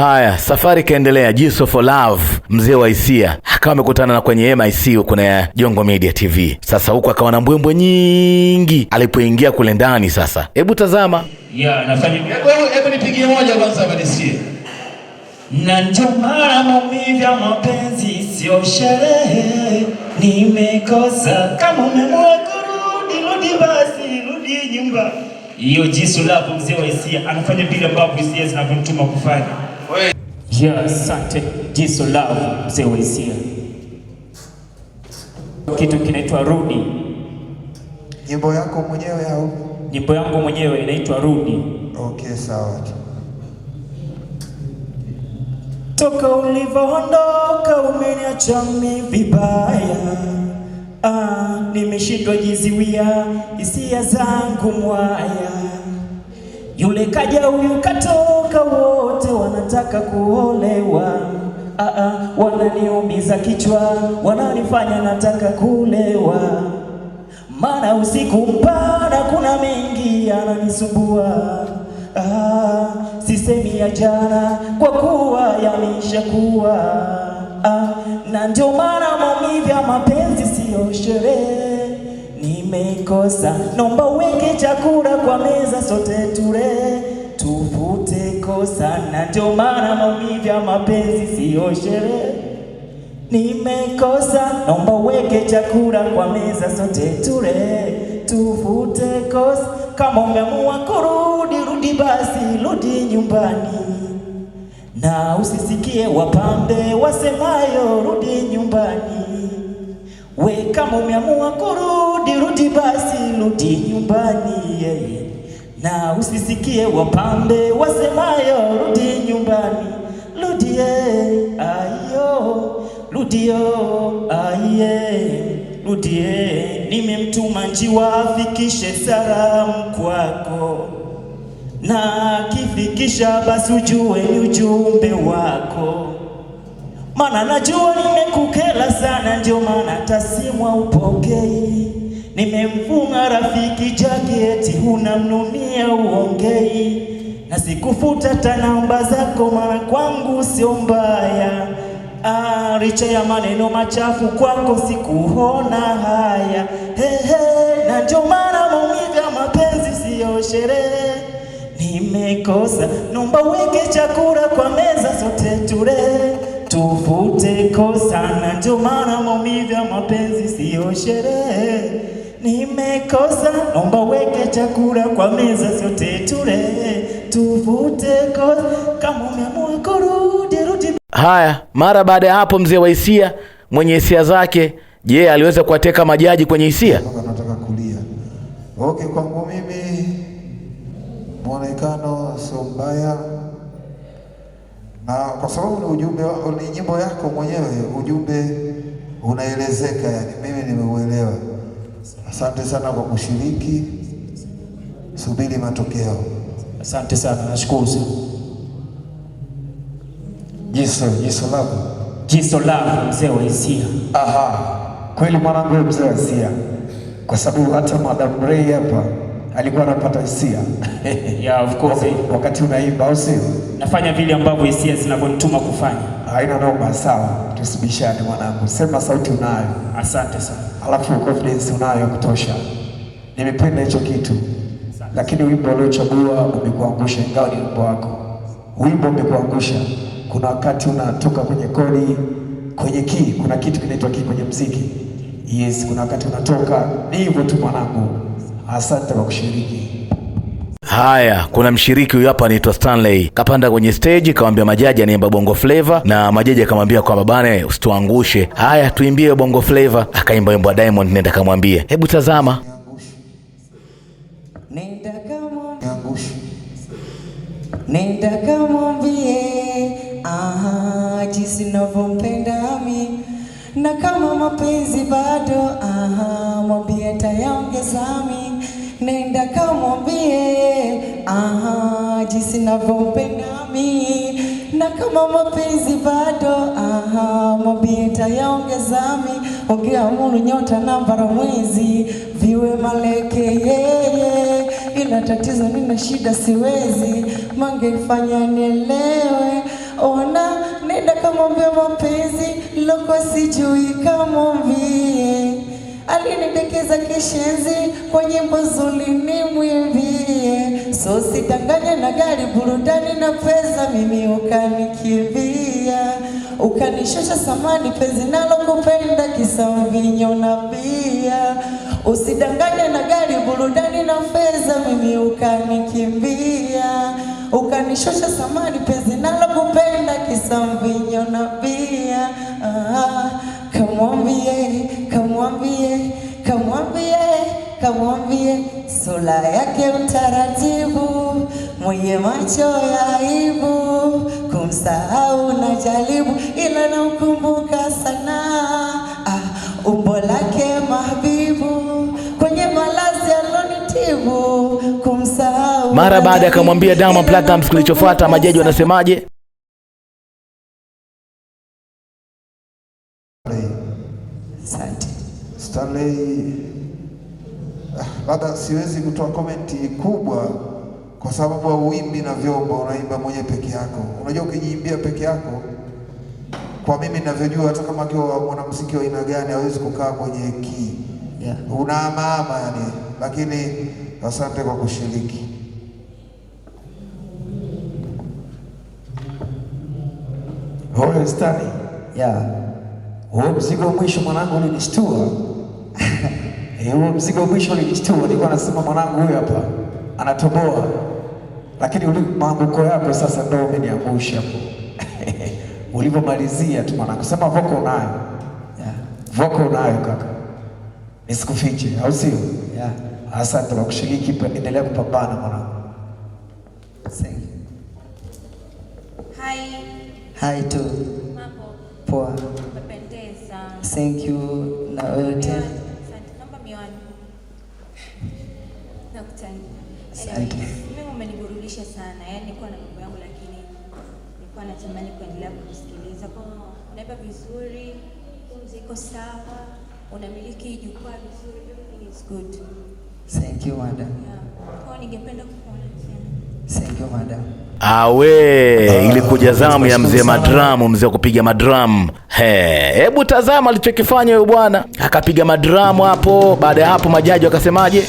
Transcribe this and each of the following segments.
Haya, safari ikaendelea. Juice for Love, mzee wa hisia, akawa amekutana na kwenye MIC huko na Jongo Media TV. Sasa huko akawa na mbwembwe nyingi alipoingia kule ndani. Sasa hebu tazama, hebu nipigie moja kwanza nisikie. Na ndio maana mapenzi sio sherehe, nimekosa kama umemwakurudi rudi basi, rudi nyumba. Hiyo jisu lapo mzee wa hisia anafanya vile ambavyo hisia zinavyomtuma kufanya. Ya asante jiso lavu mzee wa kitu kinaitwa rudi. Nyimbo yako mwenyewe au nyimbo yangu mwenyewe inaitwa rudi? Okay, sawa. Toka ulivyoondoka umeniacha mimi vibaya, ah, nimeshindwa jiziwia hisia zangu mwaya, yule kaja huyu kato mpaka wote wanataka kuolewa. Aa, ah, ah, wananiumiza kichwa, wananifanya nataka kulewa, maana usiku mpana kuna mengi yananisumbua. Ah, sisemi ya jana kwa kuwa yameshakuwa. Ah, na ndio maana maumivu ya mapenzi siyo sherehe, nimeikosa. nomba weke chakula kwa meza sote ture kosa na ndio maana maumivu ya mapenzi siyo sherehe. Nimekosa, naomba uweke chakula kwa meza sote tule, tufute kosa. Kama umeamua kurudi, rudi basi, rudi nyumbani na usisikie wapambe wasemayo, rudi nyumbani. We kama umeamua kurudi, rudi basi, rudi nyumbani yeah na usisikie wapambe wasemayo, rudi nyumbani, rudie ayo, rudio aye, rudie, nimemtuma njiwa afikishe salamu kwako, na akifikisha basi ujue ni ujumbe wako, maana najua nimekukela sana, ndio maana tasimwa upokei Nimemfunga rafiki jaketi, unamnunia uongei, na sikufuta ta namba zako, mara kwangu sio mbaya. Ah, richa ya maneno machafu kwako sikuona haya. Hehe, na ndio maana maumivu ya mapenzi siyo sherehe. Nimekosa, nomba weke chakula kwa meza, sote tule tufute kosa na ndio maana maumivu ya mapenzi siyo sherehe. Nimekosa, naomba weke chakula kwa meza, sote tule, tufute kosa kama umeamua kurudi, rudi. Haya, mara baada ya hapo, mzee wa hisia mwenye hisia zake, je, aliweza kuwateka majaji kwenye hisia? Nataka kulia. Okay, kwangu mimi mwonekano sio mbaya na kwa sababu ni ujumbe wako, ni nyimbo yako mwenyewe, ujumbe unaelezeka, yani mimi nimeuelewa. Asante sana kwa kushiriki, subiri matokeo. Asante sana, nashukuru. Jiso, jiso lako, jiso lako, mzee wa hisia. Aha, kweli mwanangu, mzee wa hisia, kwa sababu hata Madam Ray hapa alikuwa anapata hisia yeah, of course wakati unaimba, au sio? Nafanya vile ambavyo hisia zinavyonituma kufanya. Haina noma, sawa, tusibishane mwanangu, sema sauti unayo. Asante sana. Alafu confidence unayo kutosha, nimependa hicho kitu. Asante. Lakini wimbo uliochagua umekuangusha, ingawa ni wimbo wako, wimbo umekuangusha. Kuna wakati unatoka kwenye kodi, kwenye kii, kuna kitu kinaitwa ki kwenye mziki. Yes, kuna wakati unatoka ni hivyo tu mwanangu Asante kwa kushiriki. Haya, kuna mshiriki huyu hapa anaitwa Stanley kapanda kwenye stage, kawambia majaji anaimba Bongo Flava, na majaji akamwambia kwamba bana, usituangushe. Haya, tuimbie Bongo Flava. Akaimba wimbo wa Diamond, nenda kamwambie. Hebu tazama Nenda kamwambie, aha, jinsi ninavyompenda mimi na kama mapenzi bado, aha, mwambie tayange zami, nenda kamwambie, aha, jinsi navyompenda na kama mapenzi bado, aha, mwambie tayange zami, ongea mulu nyota nambara mwezi viwe maleke yeye, ila tatizo nina shida siwezi mangefanya nielewe, ona nenda kamwambia mapenzi loko sijui kamwambie, alinidekeza kishenzi kwa nyimbo ni nimwimbie, so sitanganya na gari, burudani na pesa, mimi ukanikimbia, ukanishusha samani, penzi nalo kupenda kisa mvinyo na bia, usidanganya na gari, burudani na pesa, mimi ukanikimbia, ukanishosha samani, penzi Samvinyona bia kamwambie kamwambie kamwambie kamwambie sura yake mtaratibu, mwenye macho ya aibu, kumsahau na jaribu, ila namkumbuka sana ah, umbo lake kwenye malazi alonitibu, kumsahau. Mara baada ya kamwambia Diamond Platnumz, kilichofuata majaji wanasemaje? Salei, ah, labda siwezi kutoa komenti kubwa kwa sababu wa uimbi na vyombo unaimba mwenye peke yako. Unajua, ukijiimbia peke yako, kwa mimi ninavyojua, hata kama akiwa mwanamuziki wa aina gani hawezi kukaa kwenye ki yeah. Unaamaama yani, lakini asante kwa kushiriki. Stani yeah. Mzigo wa mwisho mwanangu ulinishtua Eh, Huo mzigo mwisho nilijituma, nilikuwa nasema mwanangu huyu hapa anatoboa, lakini maanguko yako sasa ndio umeniangusha ulivyomalizia tu mwanangu, sema voko unayo yeah. Voko unayo kaka, nisikufiche, au sio? yeah. Asante kwa kushiriki, endelea kupambana mwanangu. Hai tu poa, thank you na wewe tena Asante. Mimi umeniburudisha sana. Yaani nilikuwa na mambo yangu lakini nilikuwa natamani kuendelea kukusikiliza. Kwa vizuri, pumzi iko sawa, unamiliki jukwaa vizuri, everything is good. Thank you, madam. Kwa ningependa kukuona tena. Thank you, madam. Awe, ilikuja zamu ya mzee madramu, mzee wa kupiga madramu. Hebu tazama alichokifanya huyo bwana, akapiga madramu hapo. Baada ya hapo, majaji wakasemaje?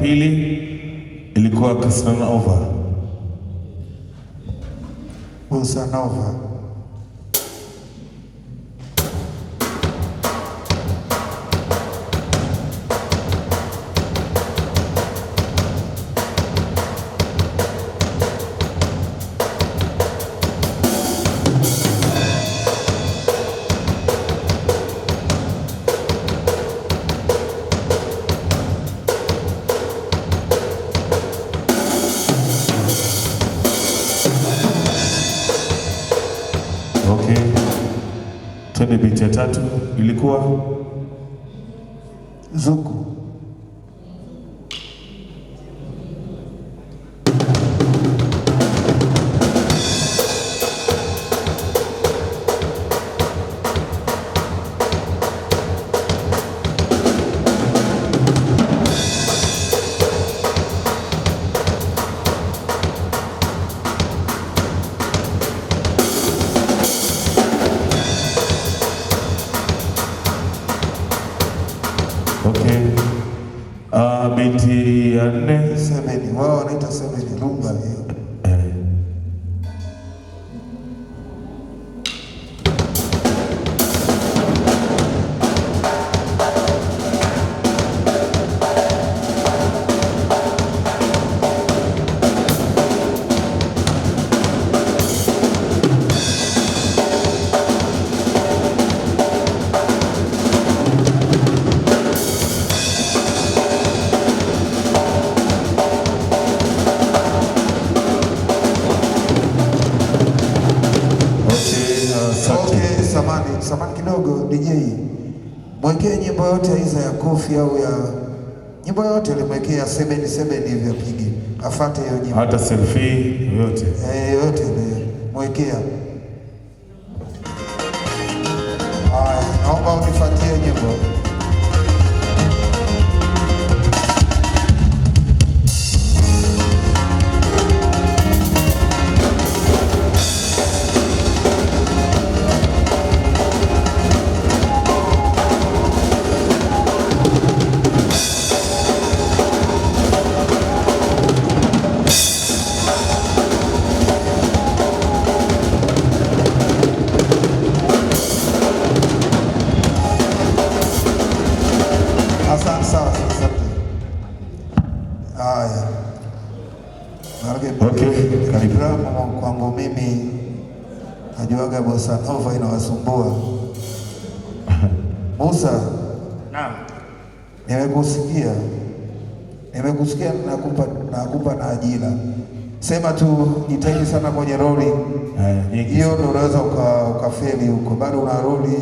pili ilikuwa Casanova. Bossa Nova. ya tatu ilikuwa zuku maiti ya nne. Semeni, wao wanaita semeni, rumba hiyo mwekee nyimbo yote hizo ya kofi au ya nyimbo yote limwekee ya sebeni sebeni hivyo, pigi afate hiyo nyimbo, hata selfie yote eh, yote ile mwekea. Haya, naomba ya bossa nova inawasumbua. Musa, naam, nimekusikia, nimekusikia, nakupa nakupa na ajira, sema tu jitahidi sana kwenye roli hiyo, ndio unaweza ukafeli huko, bado una roli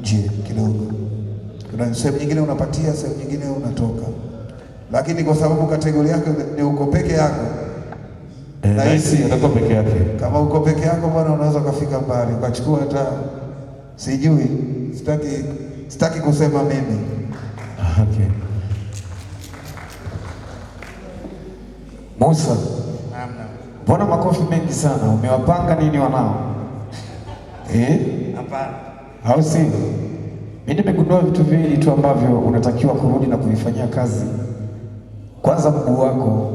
nje kidogo, kuna sehemu nyingine unapatia, sehemu nyingine unatoka, lakini kwa sababu kategoria yako ni uko peke yako Nahisi eh, atakuwa peke yake. Kama uko peke yako bwana, unaweza ukafika mbali ukachukua hata sijui, sitaki sitaki kusema mimi ah, okay. Musa, mbona makofi mengi sana? Umewapanga nini wanao? Eh? eh? Au si? Mimi nimegundua vitu viwili tu ambavyo unatakiwa kurudi na kuvifanyia kazi. Kwanza mguu wako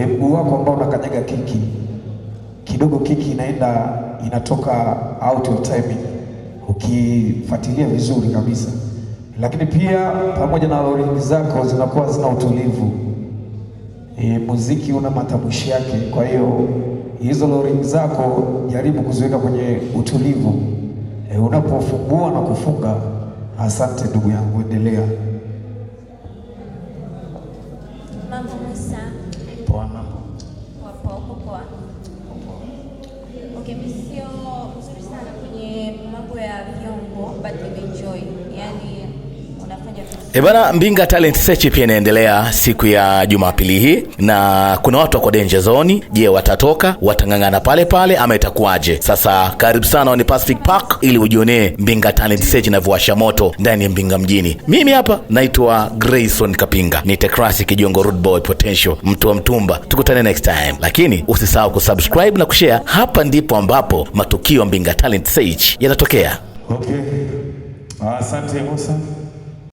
mguu eh, wako ambao unakanyaga kiki kidogo, kiki inaenda inatoka out of timing, ukifuatilia vizuri kabisa. Lakini pia pamoja na loringi zako zinakuwa zina utulivu e, muziki una matamshi yake. Kwa hiyo hizo loringi zako jaribu kuziweka kwenye utulivu e, unapofungua na kufunga. Asante ndugu yangu, endelea. Ebana, eh, Mbinga Talent Search pia inaendelea siku ya Jumapili hii na kuna watu wako danger zone. Je, watatoka watang'ang'ana pale pale ama itakuwaje? Sasa karibu sana ni Pacific Park ili ujionee Mbinga Talent Search inavyowasha moto ndani ya Mbinga mjini. Mimi hapa naitwa Grayson Kapinga, ni Tekrasi Kijongo, Rude Boy Potential, mtu wa mtumba. Tukutane next time, lakini usisahau kusubscribe na kushare. Hapa ndipo ambapo matukio ya Mbinga Talent Search yanatokea. Okay. Asante Musa.